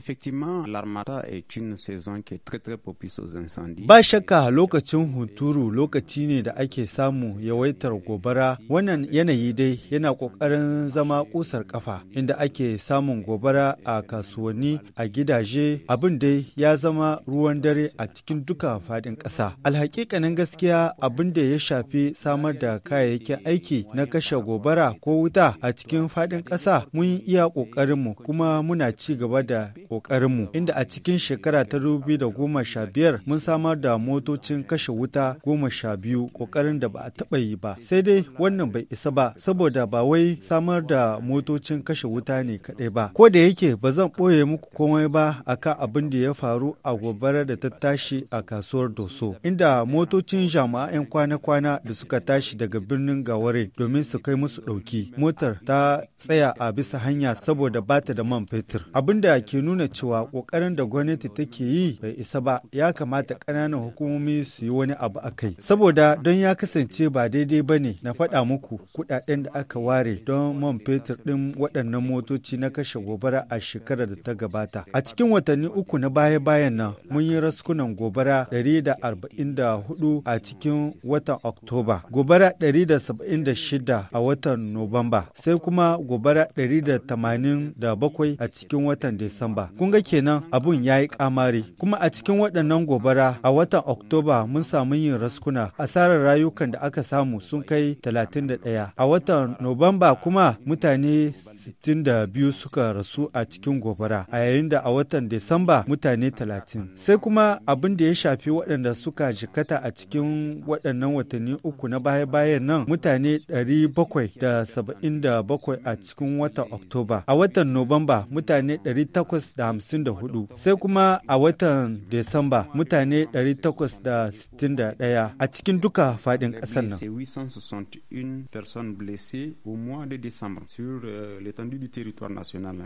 Effectivement, l'armada est une saison qui est très très propice aux incendies. Ba shakka lokacin hunturu lokaci ne da ake samu yawaitar gobara. Wannan yanayi dai yana kokarin zama kusar kafa inda ake samun gobara a kasuwanni, a gidaje, abin dai ya zama ruwan dare a cikin duka fadin ƙasa. Alhaƙiƙanin gaskiya abin da ya shafi samar da kayayyakin aiki na kashe gobara ko wuta a cikin fadin ƙasa mun iya mu kuma muna ci gaba da ƙoƙarinmu inda a cikin shekara ta da goma sha biyar mun samar da motocin kashe wuta goma sha biyu ƙoƙarin da ba a taɓa yi ba sai dai wannan bai isa ba saboda ba wai samar da motocin kashe wuta ne kaɗai ba ko da yake ba zan ɓoye muku komai ba akan abin da ya faru a gobara da ta tashi a kasuwar doso inda motocin jama'a 'yan kwana-kwana da suka tashi daga birnin gaware domin su kai musu ɗauki motar ta tsaya a bisa hanya saboda bata da man fetur abin da ke nuna nuna cewa kokarin da gwamnati take yi bai isa ba ya kamata ƙananan hukumomi su yi wani abu a saboda don ya kasance ba daidai ba ne na faɗa muku kuɗaɗen da aka ware don man fetur ɗin waɗannan motoci na kashe gobara a shekarar da ta gabata a cikin watanni uku na baya-bayan nan mun yi raskunan gobara 144 a cikin watan oktoba gobara 176 a watan nobamba sai kuma gobara 187 a cikin watan disamba Kun ga kenan abun ya yi kamari. Kuma a cikin waɗannan gobara a watan Oktoba mun samu yin raskuna. Asarar rayukan da aka samu sun kai 31. A watan Nuwamba kuma mutane 62 suka rasu a cikin gobara. A yayin da a watan Disamba mutane 30. Sai kuma abin da ya shafi waɗanda suka jikata a cikin waɗannan watanni uku na baya-bayan nan mutane 777 a cikin watan Oktoba. A watan Nuwamba mutane 800 da hudu sai kuma a watan Desamba mutane 861 a cikin duka faɗin ƙasar nan. personnes blessées au mois de décembre sur euh, l'étendue du territoire national.